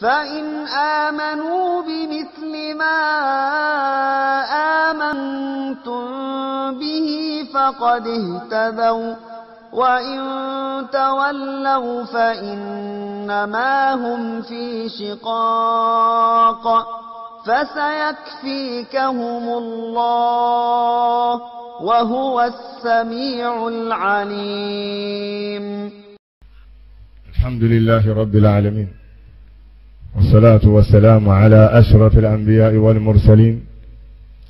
فإن آمنوا بمثل ما آمنتم به فقد اهتدوا وإن تولوا فإنما هم في شقاق فسيكفيكهم الله وهو السميع العليم الحمد لله رب العالمين والصلاة والسلام على أشرف الأنبياء والمرسلين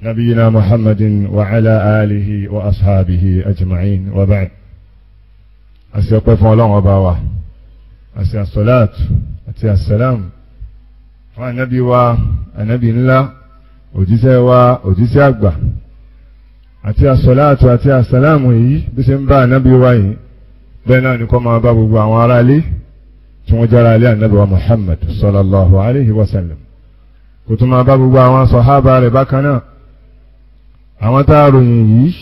نبينا محمد وعلى آله وأصحابه أجمعين وبعد أسيقف الله وباوة أسي الصلاة أتي السلام النبي و النبي الله òjíṣẹ́ wa òjíṣẹ́ àgbà àti àsọ̀láàtù àti àsàlámù yìí bí ṣe ń bá ànábí wa yìí bẹ́ẹ̀ náà ni kó máa bá gbogbo àwọn ará tí wọ́n jára alẹ́ ànábì wa Muhammad sallallahu alayhi wa sallam kò tún máa bá gbogbo àwọn sọ̀hábà rẹ̀ bákan náà àwọn tá a ròyìn yìí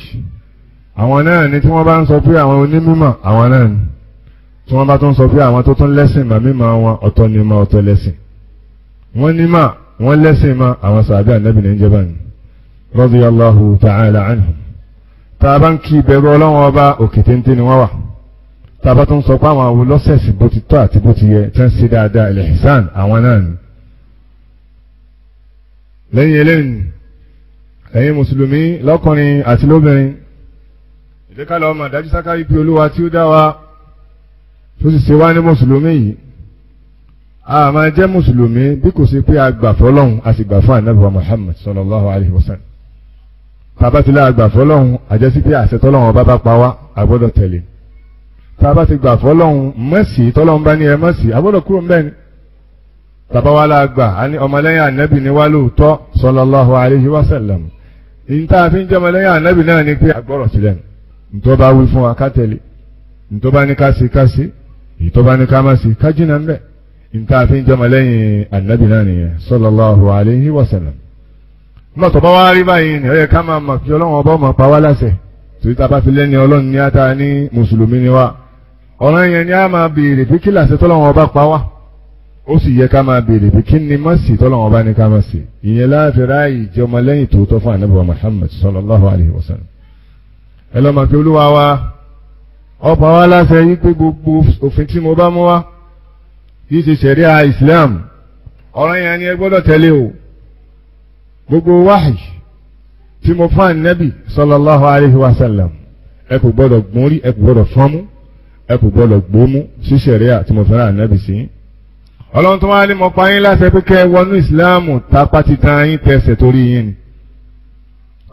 àwọn náà ni tí wọ́n bá ń sọ pé àwọn onímọ̀ àwọn náà ni tí wọ́n bá tún sọ pé àwọn tó tún lẹ́sìn màmí ma wọn ọ̀tọ̀ ni ma ọ̀tọ̀ lẹ́sìn wọ́n ní mà wọ́n lẹ́sìn ma àwọn sàbí ànábì ní jẹ́ báyìí radiyallahu ta'ala anhum tá a bá ń kí ìbẹ̀rù ọlọ́wọ́n ọba ni wọ́n wà tàbá tó ń sọ pé àwọn àwo lọ́sẹ̀sì bó ti tọ́ àti bó ti yẹ tán ṣe dáadáa ilẹ̀ hisan àwọn náà ni. lẹ́yìn eléyìí ẹ̀yin mùsùlùmí lọ́kùnrin àti lóbìnrin ìdíkàlọ́ ọmọ dájú sákàrí pé olúwa tí ó dá wa tó sì ṣe wá ní mùsùlùmí yìí a máa jẹ́ mùsùlùmí bí kò ṣe pé a gbà fọlọ́hún ànábìwá Muhammad sallallahu alayhi wa sallam tàbá ti lé àgbà fọlọ́hún àjẹsí pé àṣẹ tọ́lọ́hún ọba bá pa wá a tẹ̀lé tá a bá ti gbà fọlọ́hún mẹ́sì tọ́lọ́hún bá ní ẹ mẹ́sì àbọ̀dọ̀ kúrò ń bẹ́ẹ̀ ni bàbá wa la gbà ọmọlẹ́yìn ànábì ní wá lóòótọ́ sallallahu alayhi wa sallam ní tá a fi ń jẹ́ ọmọlẹ́yìn ànábì náà ni pé agbọ́rọ̀ sílẹ̀ ní tó bá wí fún wa ká tẹ̀lé ní tó bá ní ká ṣe ká ṣe ní tó bá ní ká má ṣe ká jìnnà ń bẹ̀ ní jẹ́ ọmọlẹ́yìn ànábì wa ọ̀ràn yẹn ni a máa béèrè pé kí làṣẹ tọ́lọ́wọ́n ọba pa wá ó sì yẹ ká máa béèrè pé kí ni má sì tọ́lọ́wọ́n ọba ní ká má sì ìyẹn láàfin ráàyè jẹ́ ọmọlẹ́yìn tòótọ́ fún ànábì Muhammad sallallahu alayhi wa sallam ẹ lọ́ọ́ máa fi olúwa wa ọba wa láṣẹ yín pé gbogbo òfin tí mo bá mú wá yìí ṣe ṣẹ̀ríà Islam ọ̀ràn yẹn ni ẹ gbọ́dọ̀ tẹ̀lé o gbogbo wáhì tí mo fún ànábì sallallahu alayhi wa sallam ẹ kò gbọ́dọ̀ gbórí ẹ kò gbọ́dọ̀ fọ́nmú ẹ kò gbọ́dọ̀ gbómú sí ṣẹ̀ríà tí mo fẹ́ràn ànábì sí. ọlọ́run tó wá ní mo pa yín láṣẹ pé kẹ́ ẹ wọnú ìsìláàmù tápá ti tan yín tẹsẹ̀ torí yín ni.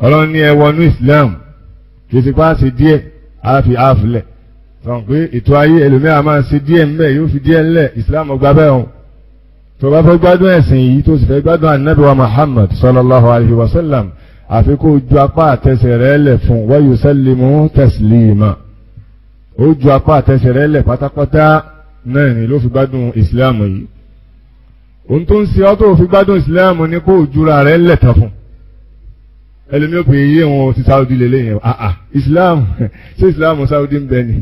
ọlọ́run ní ẹ wọnú ìsìláàmù kì í ti pa á ṣe díẹ̀ á fi á filẹ̀. sọ̀rọ̀ pé ètò ayé ẹlòmíràn máa ṣe díẹ̀ ńbẹ̀ yóò fi díẹ̀ ńlẹ̀ ìsìláàmù ọgbà bẹ́ẹ̀ o. tó bá fẹ́ gbádùn ẹ̀sìn yìí tó sì fẹ́ gbádùn ànábì wa Muhammad sallallahu alayhi wa sallam àfikún ojú apá àtẹsẹ̀ rẹ̀ lẹ̀ fún wa yusallimu taslima ó ju apá àtẹsẹ̀ rẹ̀ lẹ̀ pátápátá náà ni ló fi gbádùn ìsìláàmù yìí ohun tó ń ṣe ọ́ tó fi gbádùn ìsìláàmù ni kó jura rẹ̀ lẹ̀ tán fún ẹlòmí ò pè é yé wọn ti sáúdí lélẹ̀ yẹn àà ìsìláàmù ṣé ìsìláàmù sáúdí ń bẹ ni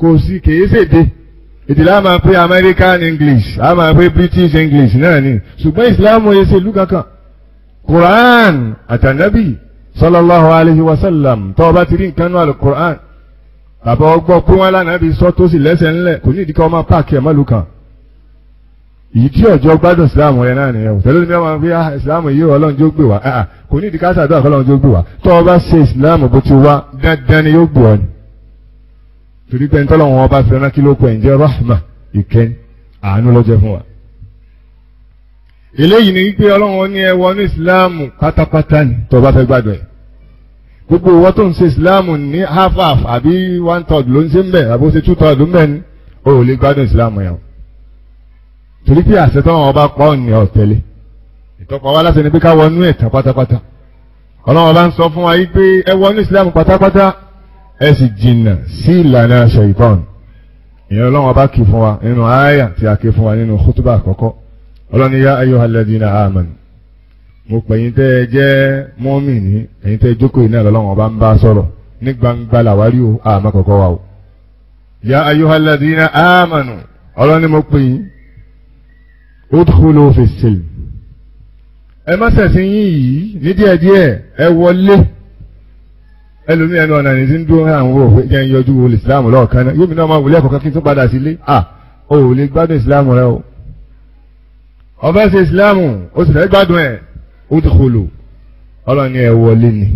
kò sí kèé ṣèdè èdè la máa pé American English a máa pé British English náà ni ṣùgbọ́n ìsìláàmù yẹn ṣe ìlú kankan Quran àtànábì sallallahu alayhi wa sallam tó o bá ti rí nǹkan náà lọ Quran bàbá ọgbọ́ pé wọ́n lánàá bí sọ tó sì lẹ́sẹ̀ ńlẹ̀ kò ní ìdíkọ́ ọmọ páàkì ẹ̀ mọ́lù kan èyí tí ọjọ́ gbádùn ìsìláàmù rẹ náà nìyẹn òtẹ́lẹ́ ní ọmọ bí ah, ìsìláàmù yìí ọlọ́run jó gbé wá ah, ah, kò ní ìdíkọ́ àtàdúrà kọ́ ọlọ́run jó gbé wá tó o bá ṣe ìsìláàmù bó ti wá dandan ni yóò gbé ọ ni torí pé ntọ́lọ́ wọn bá fẹ́ràn kí ló kọ ẹ̀ǹjẹ́ rahma ìkẹ́ni àánú lọ́jọ́ fún wa. eléyìí ni wípé ọlọ́run ní ẹwọ ní ìsìláàmù pátápátá ni tó o bá fẹ́ gbádùn ẹ̀ gbogbo owó tó ń ṣe ìsìláàmù ní half half àbí one third ló ń ṣe ń bẹ̀ àbí ó ṣe two third ló ń bẹ̀ ni o ò lè gbádùn ìsìláàmù yẹn o torí pé àṣẹ tó wọn bá pọ̀ ní ọ̀tẹ́lẹ̀ ìtọ́pọ̀ wa láti ẹni pé ká wọnú ẹ̀ tán pátápátá ọlọ́run bá ń sọ fún wa yìí pé ẹ wọnú ìsìláàmù pátápátá ẹ sì jìnnà sí ìlànà ṣèyíbọn ìyẹn ọlọ́run bá kì fún wa nínú àáyà tí a kì fún wa nínú kútúbà àkọ́kọ́ ọlọ́run ya ayyuhal ladina amanu mo pè yín tẹ́ ẹ jẹ́ mọ́mìnì ẹ̀yin tẹ́ ẹ jókòó iná lọ́lọ́wọ́n bá ń bá sọ̀rọ̀ ní gbangba làwárí o àmọ́ kọ̀kọ́ wa o. ya ayyuhalladhina amanu ọlọ́ni mo pè yín udkhulu fi silm ẹ má ṣẹ̀sìn yín yìí ní díẹ̀díẹ̀ ẹ wọlé ẹlòmíì ẹnu ọ̀nà nìdí ń dúró àwọn òfin jẹ́ ń yọjú olè ìsìláàmù lọ́ọ̀kan náà yóò mi náà máa wùlé ẹ̀kọ́ kan kí n tún padà à ò lè gbádùn ìsìláàmù rẹ o ọba ṣe ìsìláàmù o sì fẹ́ gbádùn ẹ̀ udkhulu ọlọ́run ni ẹ wọlé ni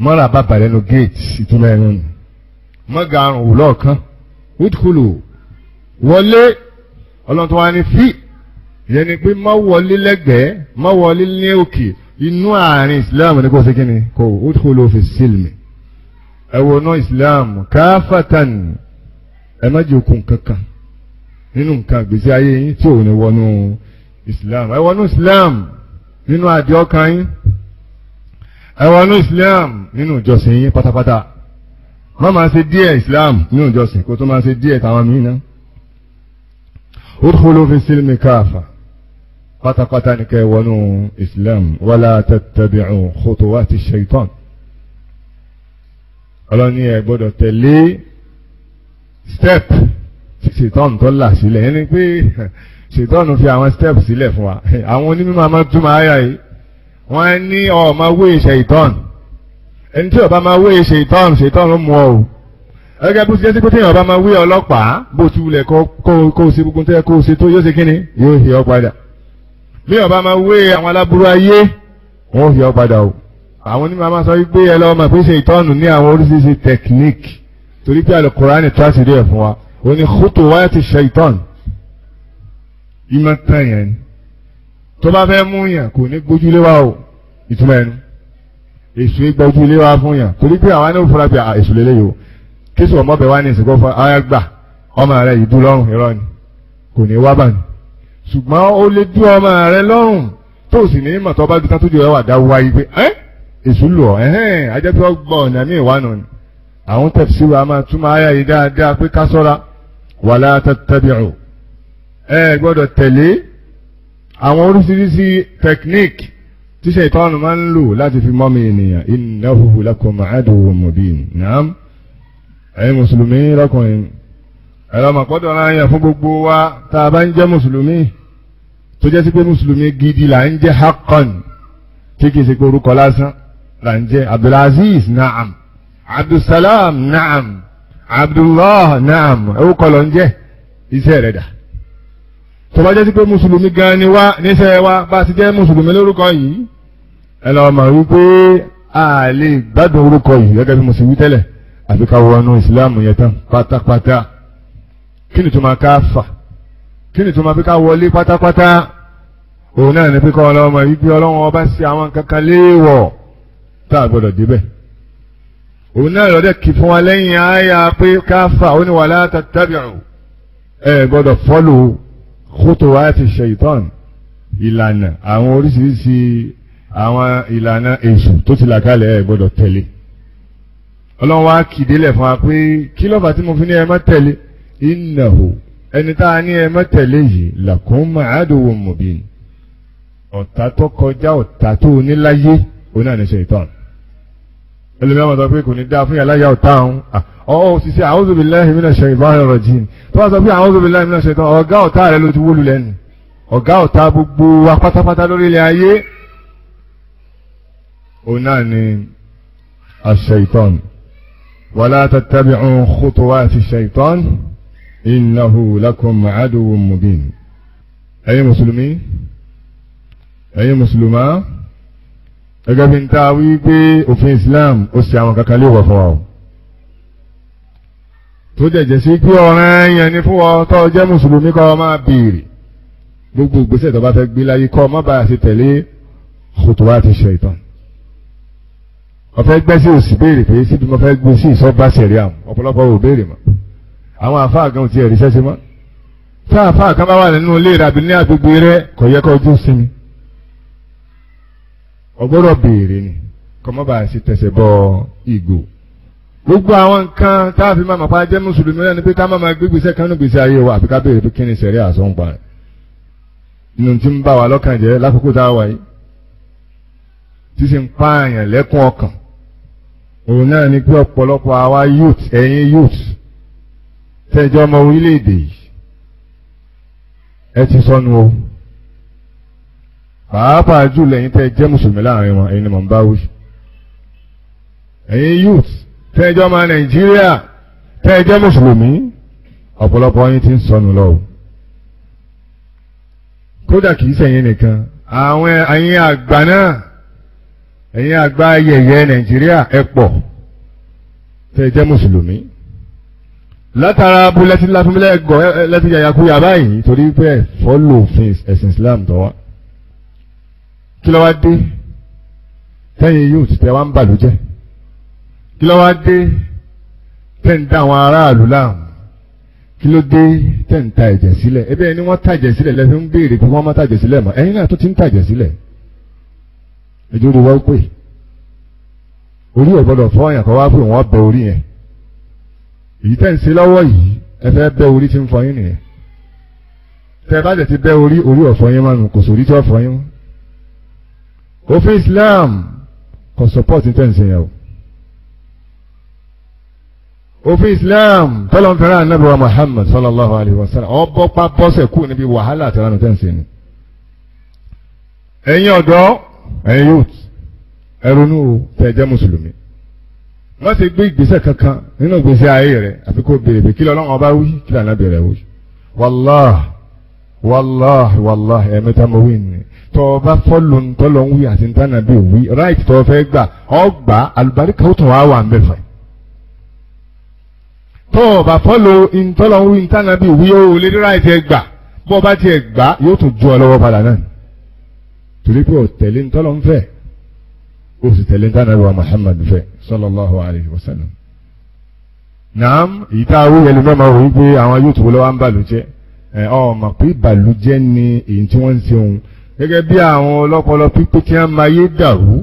mọ́ra bàbà lẹ́nu gate ìtumọ̀ ẹ̀rọ ni mọ́gà àrùn wò lọ́ọ̀kan udkhulu wọlé ọlọ́run tó wá ní fi ìyẹn pé má wọlé lẹ́gbẹ̀ẹ́ má wọlé ní òkè inú àárín islam ní kò sí kíni kò udkhulu fi sílmi ẹ islam káfàtàn ẹ má jẹ́ okun kankan nínú nǹkan àgbèsí ayé yín tí ò ní wọnú islam ẹ wọnú islam nínú àdìẹ ọkàn yín ẹ wọnú Islam nínú ìjọsìn yín pátápátá má máa ṣe díẹ̀ Islam nínú ìjọsìn kó tó máa ṣe díẹ̀ táwọn míín náà udkhulu fi silmi kafa pátápátá ní kẹ́ wọnú Islam wala tattabi'u khutuwati shaitan ọlọ́ni ẹ gbọ́dọ̀ tẹ̀lé step ṣètọ́n tó là sílẹ̀ ẹni pé ṣètọ́nù fi àwọn step sílẹ̀ fún wa àwọn onímọ̀ máa túmọ̀ àyà yìí wọ́n ní ọmọ wé ṣe ìtọ́n ẹni tí ọba máa wé ṣe ìtọ́n ṣètọ́nù mú ọ o ẹgbẹ́ bó ti jẹ́ sí pé téèyàn ọba máa wé ọlọ́pàá bó ti wulẹ̀ kó kó o ṣe gbogbo tẹ́ kó o ṣe tó yóò ṣe kíni yóò fi ọ padà bí ọba máa wé àwọn aláburú ayé wọn fi ọ padà o àwọn onímọ̀ máa sọ wípé ẹ lọ́ọ́ máa pé ṣe ìtọ́nù ní àwọn oríṣiríṣi technique torí pé àlùkùránì ìmọ̀ tán yẹn ni tó bá fẹ́ mú yàn kò ní gbójúlé wa o ìtumọ̀ ẹnu èsù gbójúlé wa fún yàn torí pé àwọn anáwó fúnra pé èsù lélẹ̀ yìí o kí sọ ọmọbẹ wa ní ìsìnkú fún ara gbà ọmọ rẹ ìdú lọ́rùn irọ́ ni kò ní wá bàní ṣùgbọ́n ó lè dú ọmọ rẹ lọ́rùn tó sì ní mọ̀ tó bá dúta tó jù rẹ wà dá wáyé pé ẹ́ èsù lù ọ́ ẹ̀hẹ́n ajẹ́pẹ́ ọgbọ́n ọ̀nà míì wà nù ni àwọn tẹ̀síwá máa túmọ̀ ayá yìí dáadáa pé ká wàlá tẹ́tẹ́bìrù ẹ gbọ́dọ̀ tẹ̀lé àwọn oríṣiríṣi technique tí ṣètọ́nù máa ń lò láti fi mọ́mi ènìyàn innahu lakum aduwwun mubin naam ẹ̀yin mùsùlùmí lọ́kùnrin ẹ̀rọ màpọ́dọ̀ náà yàn fún gbogbo wa tá a bá ń jẹ́ mùsùlùmí tó jẹ́ sí pé mùsùlùmí gidi là ń jẹ́ haqqan tí kìí ṣe pé orúkọ lásán là ń jẹ́ abdulaziz naam abdulsalam naam abdullah naam orúkọ lọ ń jẹ́ iṣẹ́ rẹ̀ dà tó bá jẹ́ sí pé mùsùlùmí gan ni wá níṣẹ́ wa bá a ti jẹ́ mùsùlùmí lórúkọ yìí ẹ lọ́ọ́ mọ̀ wípé a lè gbádùn orúkọ yìí gẹ́gẹ́ bí mo sì wí tẹ́lẹ̀ àfi ká wọnú ìsìláàmù yẹn tán pátápátá kí ni tó máa ká fà kí ni tó máa fi ká wọlé pátápátá òun náà ní píkọ́ ọlọ́mọ yìí bí ọlọ́wọ́n ọba ṣe àwọn kankan léèwọ̀ tá a gbọ́dọ̀ débẹ̀ òun náà lọ́dẹ̀ kì fún wa lẹ́yìn àyà pé ká fà ó ní wàhálà tàbí àrùn ẹ gbọ́dọ̀ fọ́lù khutuwati ṣèyítọ́n ìlànà àwọn oríṣiríṣi àwọn ìlànà èṣù tó ti là kalẹ̀ ẹ̀ gbọ́dọ̀ tẹ̀lé ọlọ́run wá kìdílẹ̀ fún wa pé kí lọ́fà tí mo fi ní ẹ má tẹ̀lé innahu ẹni tá a ní ẹ má tẹ̀lé yìí lakum aduwwun mubin ọ̀tá tó kọjá ọ̀tá tó níláyé onáà ní ṣèyítọ́n ẹlẹ́mi àwọn sọ pé kò ní dá fún yàláyà ọ̀tá ọ̀hún ọ̀ òṣìṣẹ́ a'udhu billahi minash shaytanir rajim tó wá sọ pé a'udhu billahi minash shaytan ọ̀gá ọ̀tá rẹ ló ti wó lulẹ̀ nù ọ̀gá ọ̀tá gbogbo wa pátápátá lórí ilẹ̀ ayé òun náà ni ash-shaytan wala tattabi'u khutuwati ash-shaytan innahu lakum aduwwun mubin gẹ́gẹ́ bí n ta wí pé òfin Islam ó ṣe àwọn kankan léèwọ̀ fún wa o tó jẹ̀jẹ̀ sí pé ọ̀ràn yẹn ni fún ọ tó jẹ́ mùsùlùmí kọ́ ọ máa béèrè gbogbo ìgbésẹ̀ tó bá fẹ́ gbé láyé kọ́ ọ má bàa ṣe tẹ̀lé kòtòwá ti ṣe ìtàn ọ̀fẹ́ gbẹ́sí òsì béèrè pé síbi mo fẹ́ gbé sí ìsọ́ba ṣẹ̀rí àwọn ọ̀pọ̀lọpọ̀ ò béèrè mọ́ àwọn àfáà kan ò tiẹ̀ sí mọ́ tá àfáà kan bá wà nínú ilé ìràbí ọgbọ́dọ̀ béèrè ni kọ́mọ́bà sì tẹ̀sẹ̀ bọ ìgò gbogbo àwọn nǹkan tá a fi máa mọ̀pá jẹ́ mùsùlùmí lẹ́nu pé ká má máa gbé gbèsè kánú gbèsè ayé wa àfi béèrè pé kí ni sẹ̀rí àsọ̀npa rẹ̀ nínú tí ń bá wa lọ́kàn jẹ́ lákòókò tá a wà yìí tí sì ń pààyàn lẹ́kùn ọkàn òun náà ni pé ọ̀pọ̀lọpọ̀ àwa youth ẹ̀yin youth tẹ́jọ́ ọmọ orílẹ̀-èdè yìí ẹ ti sọnù o pàápàá jù lẹ́yìn tẹ́ jẹ́ mùsùlùmí láàrin wọn ẹ̀yin ni mò ń bá wí. ẹ̀yin youth tẹ́ jẹ́ ọmọ nàìjíríà tẹ́ jẹ́ mùsùlùmí ọ̀pọ̀lọpọ̀ yín ti ń sọnù lọ. kódà kìí sẹ́yìn nìkan àwọn ẹ̀yin àgbà náà ẹ̀yin àgbà ayẹyẹ nàìjíríà ẹ pọ̀ tẹ́ jẹ́ mùsùlùmí. látara abúlé tí láfúnmílẹ̀ gọ̀ lẹ́tí yàyàkúyà báyìí torí pé fọ́lù òfin ẹ̀sìn Islam tó kí ló wá dé tẹ́yìn yóò ti tẹ́ wá ń bàlújẹ́ kí ló wá dé tẹ́ ń dá àwọn aráàlú láàmú kí ló dé tẹ́ ń ta ẹ̀jẹ̀ sílẹ̀ ẹbí ẹni wọ́n tàjẹ̀ sílẹ̀ lẹ́fí ń béèrè pé wọ́n má tàjẹ̀ sílẹ̀ mọ́ ẹ̀yin náà tó ti ń tàjẹ̀ sílẹ̀ ẹjọ́ rí wọ́n pè orí ẹ̀ gbọ́dọ̀ fọ́ ọ̀yàn kọ́ wá pé wọ́n bẹ orí yẹn èyí tẹ́ ń ṣe yìí ẹ fẹ́ bẹ orí tí ń fọyín nìyẹn tẹ́ bá jẹ̀ ti bẹ orí orí ọ̀fọyín mánu kò sórí tí ọ̀fọyín mọ́ òfin Islam kò sọpọ́ọ̀tì tẹ̀sí yẹn o òfin Islam tọ́lọ́mfẹ́rẹ́ anábìwá Muhammad sallallahu alayhi wa sallam ọ̀bọ pa bọ́sẹ̀ kú níbi wàhálà àti ìranù tẹ̀sí ni ẹ̀yin ọ̀dọ́ ẹ̀yin youth ẹ̀rọnú o tẹ̀ jẹ́ mùsùlùmí má ṣe gbé ìgbésẹ̀ kankan nínú ìgbésẹ̀ ayé rẹ̀ àfi kó béèrè pé kí lọ́lọ́run ọba wí kí lànà bẹ̀rẹ̀ wí wàláhì wàláhì wàláhì ẹ̀mẹ́ta mọ̀ wí ni tọ́ ọ bá fọ́lù ntọ́lọ̀ ń wí àti ntánà bí òwí right tọ́ ọ fẹ́ gbà ọ gbà àlùbáríkà ó tàn wá wà ń bẹ̀ tọ́ ọ bá fọ́lù ntọ́lọ̀ ń wí ntánà bí òwí ó lè rí right ẹ gbà bọ́ ọ bá tiẹ̀ gbà yóò tún ju ọ lọ́wọ́ padà náà torí pé ọ tẹ̀lé ntọ́lọ̀ ń fẹ́ ó sì tẹ̀lé ntánà bí wa Muhammad fẹ́ sallallahu alayhi wa sallam. naam ìta awúyẹ lè mẹ́ma wò wípé àwọn yóò tó lọ́wọ́ ń bàlùjẹ́ ọ̀ mà pé ìbàlùjẹ́ ni èyí tí wọ́n ń ṣe òun gẹ́gẹ́ bí àwọn ọlọ́pọlọ pípé tí wọ́n máa yé dàrú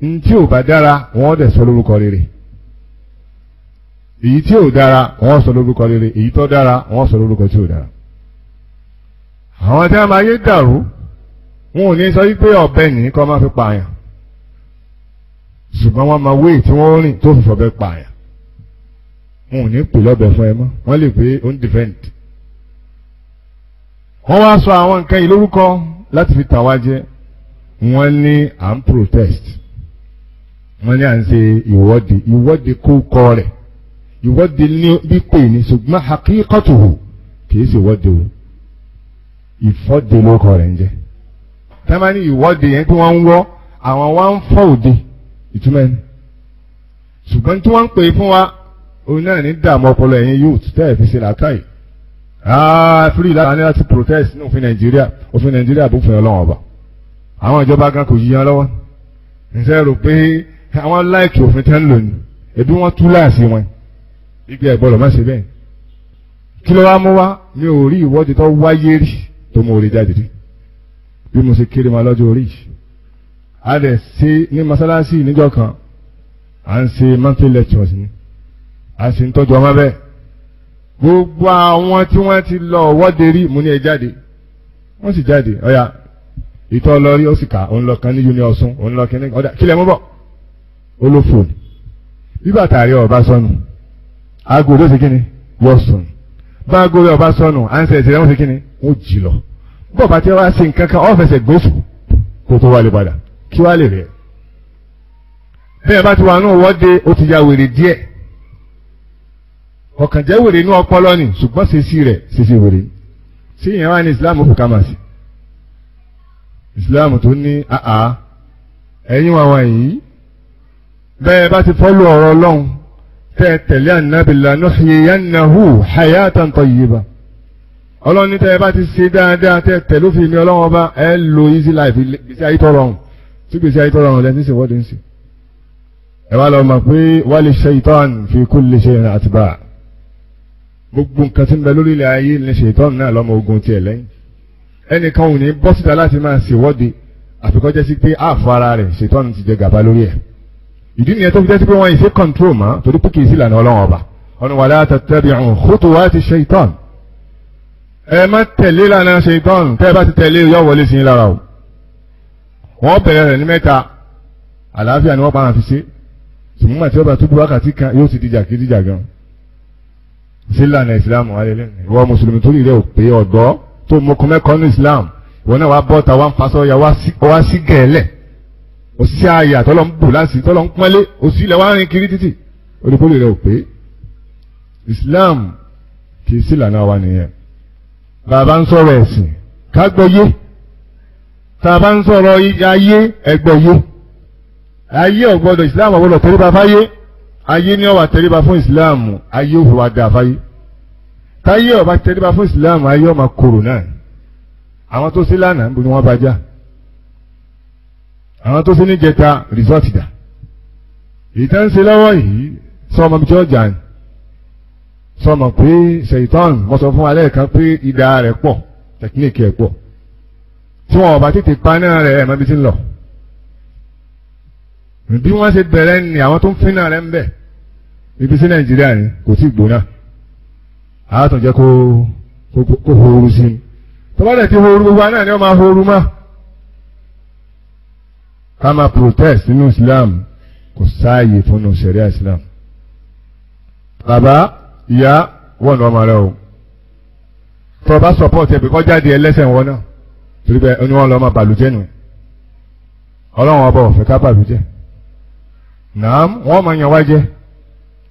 ní tí ò bá dára wọ́n dẹ̀ sọ lórúkọ rere èyí tí ò dára wọ́n sọ lórúkọ rere èyí tó dára wọ́n sọ lórúkọ tí ò dára. àwọn tí wọ́n máa yé dàrú wọn ò ní sọ wípé ọ̀bẹ nìyí kọ́ máa fi pààyàn ṣùgbọ́n wọ́n máa wé tí wọ́n rìn tó fi fọ̀bẹ pààyàn wọn ò ní pè lọ́bẹ̀ fún ẹ mọ́ wọ́n lè pé ó ń dìfẹ́ǹtì. wọ́n wá sọ àwọn nǹkan yìí láti fi tà wá jẹ wọ́n ní à ń protest wọ́n ní à ń ṣe ìwọ́de ìwọ́de kó kọ́ rẹ̀ ìwọ́de ní pípé ní ṣùgbọ́n hakíkọ́tùhù kìí ṣe ìwọ́de o ìfọ́de ló kọ́ rẹ̀ ń jẹ́ tẹ́lẹ̀ ní ìwọ́de yẹn kí wọ́n ń wọ́ àwọn wa ń fọ́ òde ìtumọ̀ ẹni ṣùgbọ́n tí wọ́n ń pè fún wa òun náà ní dààmú ọpọlọ ẹ̀yin youth tẹ́ ẹ̀ fi ṣe làákàyè free lára ní láti protest ní òfin nàìjíríà òfin nàìjíríà bó fẹ́ ọlọ́wọ́n ọba àwọn ìjọba gan kò yíyan lọ́wọ́ ǹjẹ́ rò pé àwọn láìkì òfin tẹ́ ń lò ní ẹbí wọ́n tú láàsì wọn ìgbé ẹ̀gbọ́dọ̀ má ṣe bẹ́ẹ̀ kí ló wá mú wá mi ò rí ìwọ́de tó wáyé rí tó mú orí jáde rí bí mo ṣe kéré ma lọ́jọ́ orí yìí a lè ṣe ní masalasi níjọ́ kan à ń ṣe monthly lectures ni a sì ń tọ́jú ọmọ bẹ́ẹ̀ gbogbo àwọn tí wọ́n ti lọ wọ́de rí mo ní ẹ jáde wọ́n sì jáde ọ̀yà ìtọ́ lọ rí ó sì kà òun lọ kan ní union ọ̀sùn òun lọ kínní ọ̀dà kílẹ̀ mọ́ bọ̀ ó ló fòlì bíbà tààrí ọba sọnù aago ló ṣe kíni yọ sùn bá aago rẹ ọba sọnù ansẹ̀ ìṣẹ̀lẹ̀ wọn ṣe kíni wọ́n jì lọ bọ́ bá tí wọ́n á gbèsù kó tó wálé padà kí wálé rẹ̀ bẹ́ẹ̀ bá ti wà náà wọ́de ó ti ya wèrè díẹ̀ ọkàn jẹ́ wèrè inú ọpọlọ ni ṣùgbọ́n ṣèṣì rẹ̀ ṣèṣì wèrè sí ìyẹn wá ní islam kò kàmà sí islam tó ní àá ẹ̀yin àwọn yìí bẹ́ẹ̀ bá ti fọ́lù ọ̀rọ̀ ọlọ́run tẹ́ ẹ tẹ̀lé ànábìlà nuhyiyannahu hayatan tayyiba ọlọ́run ní tẹ́ ẹ bá ti ṣe dáadáa tẹ́ ẹ tẹ̀lé òfin mi ọlọ́run ọba ẹ lo easy life gbèsè ayé tọrọ tí gbèsè ayé tọrọ ọ̀hún ṣe wọ́ọ̀dì ń ṣe ẹ wá lọ mọ̀ pé wali shaytan fi kulli shay'in atba gbogbo nǹkan tí ń bẹ lórí ilẹ̀ ayé ní ṣètọ́n náà lọ́mọ ogun tiẹ̀ lẹ́yìn ẹnìkan ò ní bọ́ síta láti máa ṣèwọ́de àfikọ́ jẹ́ sí pé àfọ ara rẹ̀ ṣètọ́n ti jẹ gàba lórí ẹ̀ ìdí nìyẹn tó fi jẹ́ sí pé wọ́n yìí ṣe kọ́ńtrol mọ́ torí pé kì í sí ìlànà ọlọ́run ọba ọ̀nà wala tattabi'u khutuwati ṣètọ́n ẹ má tẹ̀lé ìlànà ṣètọ́n tẹ́ ẹ bá ti tẹ̀lé yọ wọlé sí lára o wọ́n bẹ̀rẹ̀ rẹ̀ ní mẹ́ta àlàáfíà ni wọ́n bá wọn fi ṣe sùmùmá tí wọ́n bá túbú wákàtí kan yóò ti dìjà kí dìjà gan-an sílànà ìsìlámù wà lélẹ̀ ìwọ mùsùlùmí tó rírẹ̀ ò ọ̀dọ́ tó mú kọ́mẹ́kọ́ ní ìsìlámù ìwọ náà wá bọ́ta wá ń fasọ́ ya wá sí gẹ̀ẹ́lẹ̀ ó sí àyà tọ́lọ́ ń bù láti tọ́lọ́ ń pọ́nlé ó sì ilẹ̀ wá rìn kiri títì olùkórè rẹ̀ ò pé ìsìlámù kì í sílànà wa nìyẹn bàbá ń sọ̀rọ̀ ẹ̀sìn kágbọ́yé tàbá ń sọ̀rọ̀ ayé ẹgbọ́yé ayé ọ̀gbọ́dọ̀ ìsìlámù ọ̀gbọ́dọ̀ torí bàbá yé ayé ní ọba tẹríba fún ìsìláàmù ayé òfò wa dà fáyé táyé ọba tẹríba fún ìsìláàmù ayé ọmọ kòrò náà àwọn tó sí lánàá níbo ni wọ́n bàjá àwọn tó sí níjẹta rìsọ́ọ̀tì dà ìtàn ń ṣe lọ́wọ́ yìí sọmọ mi tí jà ní sọmọ pé ṣèyítọ́n mo sọ fún alẹ́ kan pé ìdá rẹ̀ pọ̀ tẹkíníìkì ẹ̀ pọ̀ tí wọn ọba tètè paná rẹ̀ ẹ̀ mọ́bi ti ń lọ bí wọ́n ṣe bẹ̀rẹ̀ ni àwọn tó ń fín náà rẹ̀ ń bẹ̀ ibi sí nàìjíríà ni kò tí ì gbóná àátàn jẹ́ kó kó hooru sí i tọ́bọ̀dẹ̀ ti hooru gbogbo náà ni wọ́n máa hooru mọ́ ká máa protest nínú Islam kò sáàyè fún nù sẹ̀ríà Islam bàbá ìyá wọ́n ọmọ rẹ o tọ́ bá support ẹ̀ bíkọ́ jáde ẹlẹ́sẹ̀ wọn náà torí bẹ́ẹ̀ oníwọ̀n lọ́ọ́ máa bàlùjẹ́ nù ọlọ́run ọba ọ̀fẹ́ ká bàlùjẹ́. naam wọ́n máa yan wá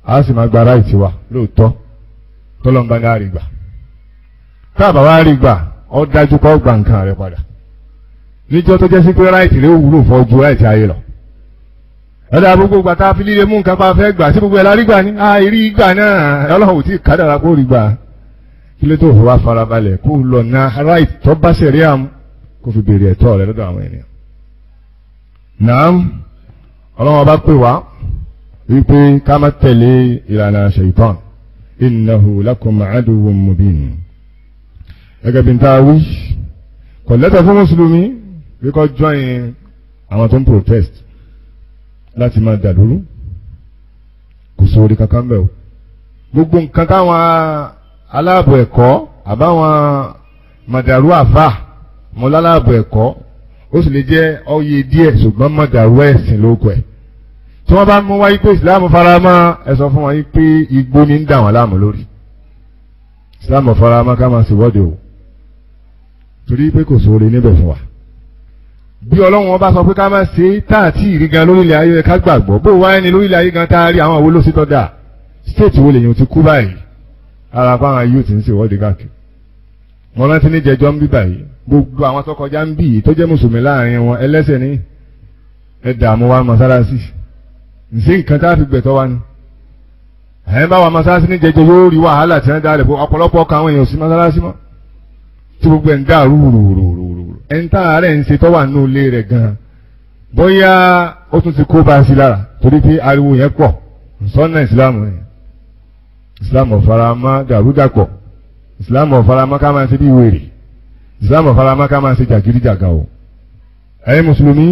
a sì gba ráìtì wa lóòótọ́ tọ́lọ́mbá ní àrígbà ọ wá àrígbà dájú gba nǹkan rẹ̀ padà níjọ́ tó jẹ́ sí pé ju ayé lọ ẹ̀dá gbogbo gbà tá a fi líle mú nǹkan pa gbogbo la gbà náà ọlọ́run ò tí ì kádàrà kó rí gbà kí na bá kó fi naam ọlọ́run ọba pè wá wípé ká má tẹ̀lé ìlànà ṣèyítán innahu lakum aduwwun mubin gẹ́gẹ́ bí n ta wí kò lẹ́tọ̀ fún mùsùlùmí bí kò join àwọn tó ń protest láti máa dàdúrú kò sóore kankan bẹ́ẹ̀ o gbogbo nǹkan táwọn aláàbò ẹ̀kọ́ àbáwọn màdàrú àfà mọ́láláàbò ẹ̀kọ́ ó sì lè jẹ́ ọyẹ díẹ̀ ṣùgbọ́n mọ̀gàrú ẹ̀sìn lóko ẹ̀ tí wọ́n bá mú wáyé pé ìsìláàmù faramọ́ ẹ sọ fún wọn yí pé igbó ní ń dà wọ́n láàmú lórí ìsìláàmù faramọ́ ká máa ṣèwọ́de o torí pé kò sóore níbẹ̀ fún wa bí ọlọ́run wọn bá sọ pé ká máa ṣe tá àti ìrí gan lórílẹ̀ ayé ká gbàgbọ́ bó wá ẹni lórílẹ̀ ayé gan tá a rí àwọn àwo ló ṣe tọ́ da stéètì wo lèyìn ti kú báyìí gbogbo àwọn tó ń bì yìí tó jẹ́ mùsùlùmí láàrin wọn ẹlẹ́sẹ̀ ní ẹ dààmú wa mọ́sálásí tá a fi gbẹ̀tọ́ wa ni ẹ̀ bá wa mọ́sálásí ní jẹjẹ yóò rí wàhálà tí dá àwọn èèyàn sí tí gbogbo ń dà ń ń ṣe tọ́ Islam ọ̀farama ká máa ṣe jàgídíjàgà o ẹ̀yin mùsùlùmí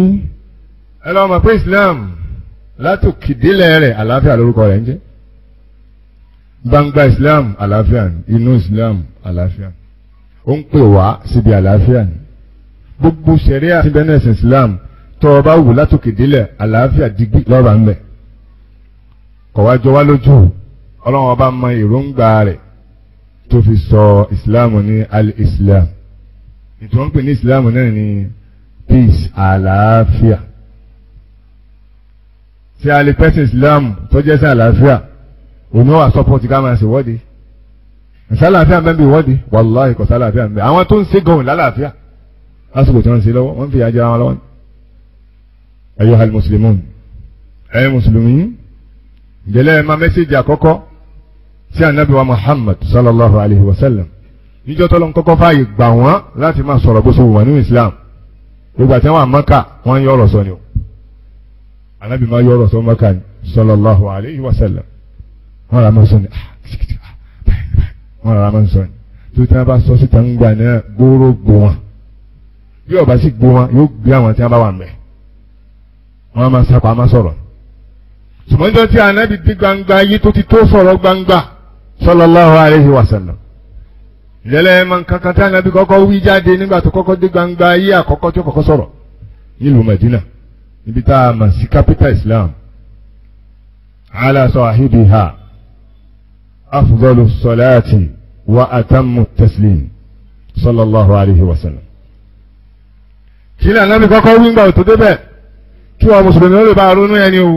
ẹ lọ́ọ́ mọ̀ pé Islam látòkìdílẹ̀ rẹ̀ àlàáfíà lórúkọ rẹ̀ ń jẹ́ gbangba Islam àlàáfíà ni inú Islam àlàáfíà ó ń pè wá síbi àlàáfíà ni gbogbo sẹ̀ríà síbẹ̀ náà ẹ̀sìn Islam tọ́ ọ bá wù látòkìdílẹ̀ àlàáfíà digbí lọ́ba ń bẹ̀ kọ̀wájọ wá lójú ọlọ́run ọba mọ èròǹgbà rẹ̀ tó fi sọ Islam ní al-Islam ìtọ́ ń pè ní ìsìláàmù náà ni peace àlàáfíà ṣé a lè pẹ́sìn ìsìláàmù tó jẹ́ sí àlàáfíà òun náà wà sọ́pọ̀tì ká máa ṣèwọ́de ìsàlàáfíà mẹ́bí ìwọ́de wàláhì kò sàlàáfíà mẹ́bí àwọn tó ń ṣe gan-an lálàáfíà lásìkò tí wọ́n ń ṣe lọ́wọ́ wọ́n ń fìyà jẹ ara wọn lọ́wọ́ ẹ̀yọ́ hal mùsùlùmí ẹ̀yọ́ mùsùlùmí ìjẹ́lẹ̀ ẹ̀ máa mẹ́sẹ̀jì àkọ́kọ́ sí ànábì Muhammad sallallahu alayhi wa sallam níjọ́ tọ́lọ́ kọ́kọ́ fààyè gbà wọ́n láti máa sọ̀rọ̀ bó ṣe wù wọ́n nínú Islam gbogbo àti àwọn àmọ́kà wọ́n ń yọ ọ̀rọ̀ sọ ni o anábì máa yọ ọ̀rọ̀ sọ mọ́kà ni sallallahu alayhi wa sallam wọ́n rà máa sọ ni ah, ah, wọ́n rà máa sọ ni tó tí wọ́n bá sọ síta ń gbà náà gbóró gbó wọn bí ọba sì gbó wọn yóò gbé àwọn tí wọ́n bá wà mẹ́ wọ́n máa sapá máa sọ̀rọ̀ ṣùgbọ́n tí anábì dé gbangba yìí tó ti tó sọ̀rọ̀ gbangba sallallahu alayhi wa sallam ìrẹ́lẹ̀ ẹ̀mọ kankan tí anabi kọ́kọ́ wí jáde nígbà tó kọ́kọ́ dé gbangba ayé àkọ́kọ́ tí ó kọ́kọ́ sọ̀rọ̀ nílùú Madina níbi tá a mọ̀ sí capital Islam ala sahibiha afdalu salati wa atammu taslim sallallahu alayhi wa sallam. kí ni anabi kọ́kọ́ wí gbà tó débẹ̀ kí wọ́n mùsùlùmí ó lè bá ronú ẹni o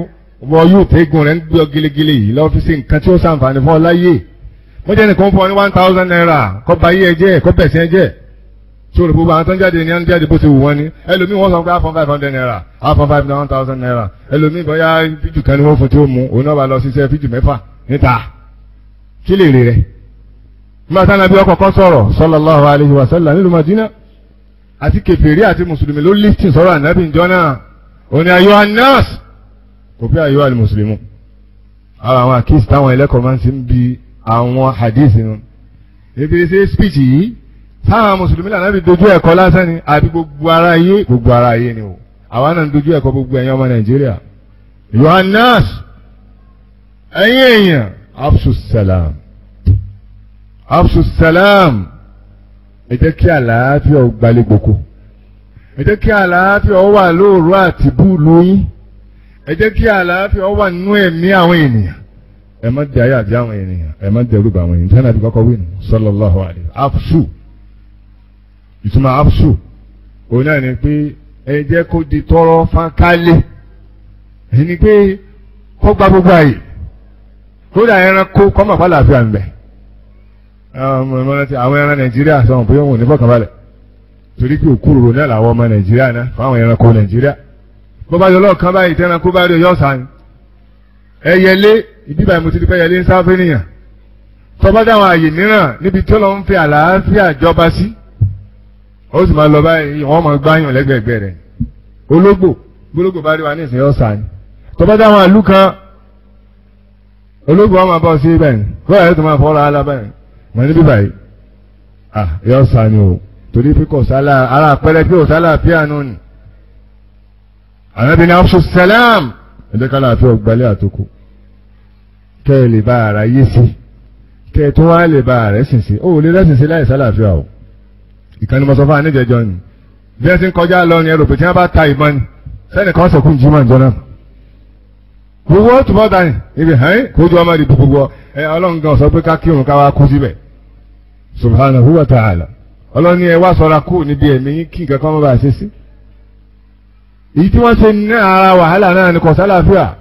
wọ́n yóò tẹ́gùn rẹ̀ ń gbọ́ gílégílé yìí lọ́fíìsì nǹkan tí ó sàǹfààní fún ọ láyé wọ́n jẹ́ nìkan fún ọ ní one thousand naira kọ́ ba yí ẹjẹ́ kọ́ bẹ̀sẹ̀ ẹjẹ́ tí olùkọ́ bá tán jáde ní jáde bó ti wù wọ́n ní ẹlòmíì wọ́n sọ pé àfọ̀n five hundred naira àfọ̀n five hundred one thousand naira ẹlòmíì bóyá fíjù kan ni wọ́n fún tí ó mú òun náà bá lọ ṣiṣẹ́ fíjù mẹ́fà níta kí lè rè rẹ̀ nígbà táwọn abiyọ́ kọ̀ọ̀kan sọ̀rọ̀ sallallahu alaihi wa sallam nílùú Madina àti kèfèrí àti mùsùlùmí ló lísìn sọ̀rọ̀ ànábì ìjọ náà òní ayọ́ anas kò fi ayọ́ àlùmùsùlùmí ara àwọn àkíyèsí táwọn ẹlẹ́kọ̀ọ́ máa ń ti ń bi àwọn hadith nu ebi ṣe speech yìí sáwọn mùsùlùmí lànà bí dojú ẹ̀kọ́ lásán ni àbí gbogbo ara ayé gbogbo ara ayé ni o àwa náà ń dojú ẹ̀kọ́ gbogbo ẹ̀yin ọmọ nàìjíríà yohanas ẹ̀yin èèyàn afṣusalam afṣusalam ẹ jẹ́ kí àlàáfíà ó gbalẹ̀ gboko ẹ jẹ́ kí àlàáfíà ó wà lóòrò àtìbú lóyún ẹ jẹ́ kí àlàáfíà ó wà nínú ẹ̀mí àwọn ènìyàn ẹ má di ayé àti àwọn ènìyàn ẹ má dẹrù bá àwọn ènìyàn tẹ́lẹ̀ àti kọ́kọ́ wíìnì sallallahu alaihi afṣu ìtumọ̀ afṣu òun náà ni pé ẹ jẹ́ kó di tọrọ fankálẹ̀ ẹni pé kó gba gbogbo àyè kódà ẹranko kọ́mọ̀ pàlàfíà ń bẹ àwọn ẹran nàìjíríà sọ̀rọ̀ pé òun ò ní fọkànbalẹ̀ torí pé òkúròrò náà làwọn ọmọ nàìjíríà náà fún àwọn ẹranko nàìjíríà bó bá yọ lọ́ọ̀kan báyìí tẹ́ranko bá rí ọyọ́ sàn ẹyẹlé ìdíbà ìmùtí dípẹ́ yẹlé ń sáfẹ́ nìyàn tọ́ba dáwọn àyè mìíràn níbi tí ọlọ́run fi àlàáfíà jọba sí ó sì máa lọ báyìí wọ́n máa gbáyàn lẹ́gbẹ̀ẹ́gbẹ́ rẹ̀ ológbò gbólógbò bá rí wa ní ìsìn ọ̀sà ni tọ́ba dáwọn àlú kan ológbò wọn máa bọ̀ sí ibẹ̀ ni bọ́ọ̀ yẹn tó máa fọ́ra ala báyìí mọ̀ níbí báyìí ah yọ ọ̀sà ni o torí pé kò sálà ara àpẹẹrẹ pé kò sálà fíà nù ni àrẹ́bìnrin afṣu ẹ̀jẹ̀ ká láàfin ọgbàlẹ̀ àtòkù kẹ́ ẹ lè bá ara yé sí kẹ́ ẹ tó wá lè bá ara ẹ̀sìn sí ó lè rẹ́sìn sí láì sálàáfíà o ìkànnì mọ̀sánfà aníjẹjọ ni bí ẹ ti ń kọjá lọ ni ẹ rò pé tí wọ́n bá ta ìbọn ni sẹ́nìkan sọ̀kún jimá ìjọ náà gbogbo ó túbọ̀ dání ibi hàn kójú ọmọ ìdìbò gbogbo ẹ ọlọ́run gan sọ pé ká kírun ká wá kú síbẹ̀ subhanahu wa ta'ala ọlọ́run ni ẹ wá sọra kú níbi ẹ̀mí èyí tí wọ́n ṣe ní ara wàhálà náà ni kọ̀sálàfíà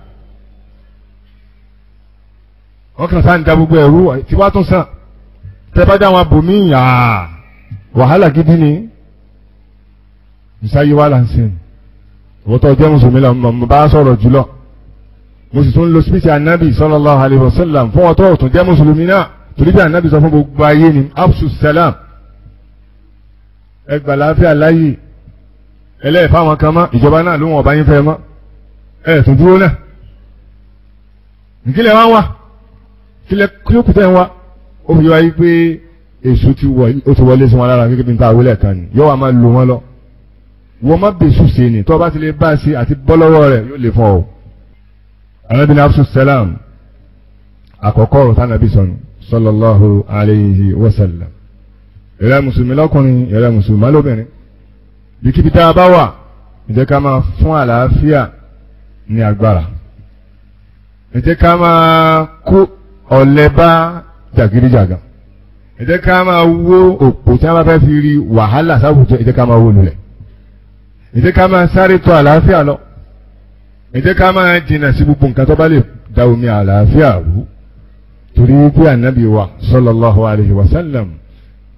ọkàn sáà ń da gbogbo ẹ̀rú tí wàá tún sàn tẹ́bájá wọn bò mí yàn wàhálà gidi ni ìsáyé wa là ń sìn òótọ́ jẹ́ mùsùlùmí la mo bá sọ̀rọ̀ jùlọ mo sì tún lo spíṣì anabi sallallahu alayhi wa sallam fún ọtọ́ òtún jẹ́ mùsùlùmí náà torí bí anabi sọ fún gbogbo ayé ni absu salam ẹgbàá láfíà láyé ẹlẹ́ẹ̀fà wọn kan mọ́ ìjọba náà ló wọn ọba yín fẹ́ mọ́ ẹ tún dúró náà nkílẹ̀ wọn wá kílẹ̀ kílókù tẹ̀ ń wá ó fi wáyé pé èso ti wọlé sí wọn lára gẹ́gẹ́ bí n ta àwílẹ̀ kan ni yóò wá máa lò wọn lọ wọ́n má bèsù sí ni tó ti lè bá a sí àti bọ́ lọ́wọ́ rẹ̀ yóò lè fọ́ o. arábìnrin afṣu salam àkọ́kọ́ ọ̀rọ̀ tánàbí sọnù sallallahu alayhi wa sallam. ìrẹ́ mùsùlùmí lọ́kùnrin ìrẹ́ mùsùlùmí lóbìnrin bíkíbi tá a bá wà ǹjẹ́ ká máa fún àlàáfíà ní agbára ǹjẹ́ ká máa kó ọ̀lẹ bá jàgídíjàgà ǹjẹ́ ká máa wó òpó tí wọ́n bá fẹ́ fi rí wàhálà sáwùjọ ǹjẹ́ ká máa wó lulẹ̀ ǹjẹ́ ká máa sáré tó àlàáfíà lọ ǹjẹ́ ká máa jìnnà sí gbogbo nǹkan tó bá lè da omi àlàáfíà rú torí pé ànábì wa sallallahu alayhi wa sallam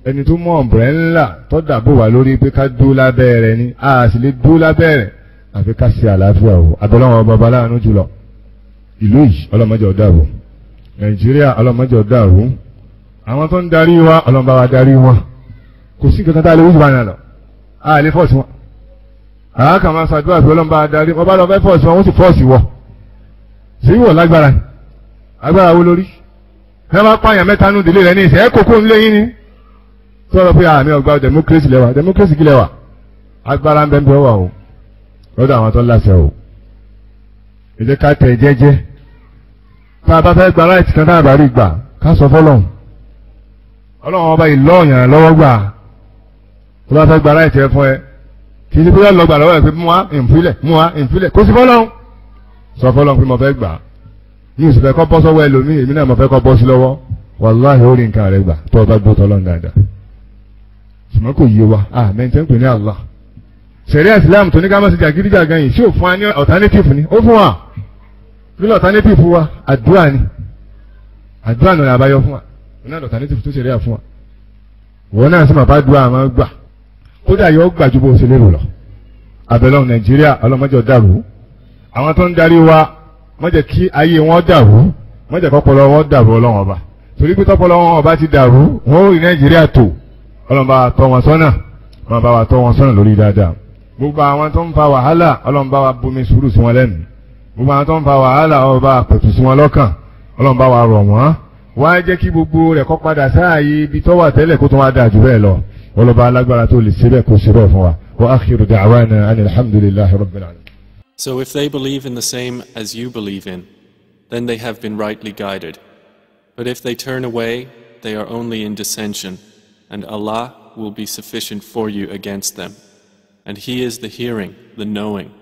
ẹni tó mú ọ̀bẹ̀rẹ̀ ńlá tó dàbò wá lórí pé ká dúró lábẹ́ rẹ̀ ni a sì lè dúró lábẹ́ rẹ̀ àfi ká ṣe àlàáfíà o abẹ́láwọn ọba aláàánú jùlọ ìlú yìí ọlọ́mọdé ọ̀dà o nàìjíríà ọlọ́mọdé ọ̀dà o àwọn tó ń darí wa ọlọ́mọba wa darí wọn kò sí nǹkan tá a lè wíjọba náà lọ a lè fọ́ọ̀sì wọn àá kà máa ṣàdúrà pé ọlọ́mọba darí wọn bá lọ fẹ́ fọ́ọ̀sì wọn wọ́n sì fọ́ọ̀sì wọ sí wọ lágbára agbára wo lórí ẹ bá pààyàn mẹ́ta nù délé rẹ ní ìṣẹ́ kókó ńlẹ́yìn ni tí wọ́n lọ pé àmì ọgbà democracy lẹ́wà democracy kí lẹ́wà agbára ń bẹ́ ń bẹ́ wà o lọ́dọ̀ àwọn tó ń láṣẹ o èdè ká tẹ̀ jẹ́jẹ́ tá a bá fẹ́ gba láì tìkan náà bá rí gbà ká sọ fọlọ́hún ọlọ́run ọba ìlọ́ọ̀yàn lọ́wọ́ gbà tó bá fẹ́ gba láì tẹ̀ fún ẹ kì í ṣe pé lọ́gbà lọ́wọ́ ẹ pé mú wa ìfilẹ̀ mú wa ìfilẹ̀ kó sí fọlọ́hún sọ fọlọ́hún pé mo fẹ́ gbà ní ìsìnkú ẹ̀kọ́ bọ́ sọ́wọ́ ẹlòmíì èmi náà mo fẹ́ kọ́ bọ́ sí lọ́wọ́ wàláhì ó rí nǹkan rẹ̀ gbà tó o bá gbó tọ́lọ́ dáadáa ṣùgbọ́n kò yé wa à ah, mẹ́tẹ́ pè ní Allah sẹ̀rí islam tó ní ká má ṣe jàgídíjàgan yìí ṣé ò fún wa ní alternative ni ó fún wa kí ló alternative wa àdúrà ni àdúrà náà àbáyọ fún wa náà alternative tó ṣẹ̀rí à fún wa wọn náà sì máa bá dúrà máa gbà kódà yóò gbà ju bó ṣe lérò lọ abẹ́lọ́ nàìjíríà ọlọ́mọjọ dàrú àwọn tó ń darí wa má jẹ́ kí ayé wọn dàrú má jẹ́ kọ́pọ̀lọ́ wọn dàrú ọlọ́wọ́n ọba torí pé tọ́pọ̀lọ́ wọn ọba ti dàrú wọn ò rí nàìjíríà tó tọ́ wọn sọ́nà wa tọ́ wọn sọ́nà lórí dáadáa gbogbo àwọn tó ń fa wàhálà wa bomi sùúrù sí wọn lẹ́nu gbogbo àwọn tó ń fa wàhálà pẹ̀tù sí wọn lọ́kàn wa rọ̀ wọ́n wá jẹ́ kí gbogbo rẹ̀ kọ́ padà sáàyè ibi tẹ́lẹ̀ kó tó wá jù bẹ́ẹ̀ lọ ọlọ́ba alágbára tó lè kó ṣe bẹ́ẹ̀ fún wa So if they believe in the same as you believe in, then they have been rightly guided. But if they turn away, they are only in dissension and Allah will be sufficient for you against them. And He is the hearing, the knowing.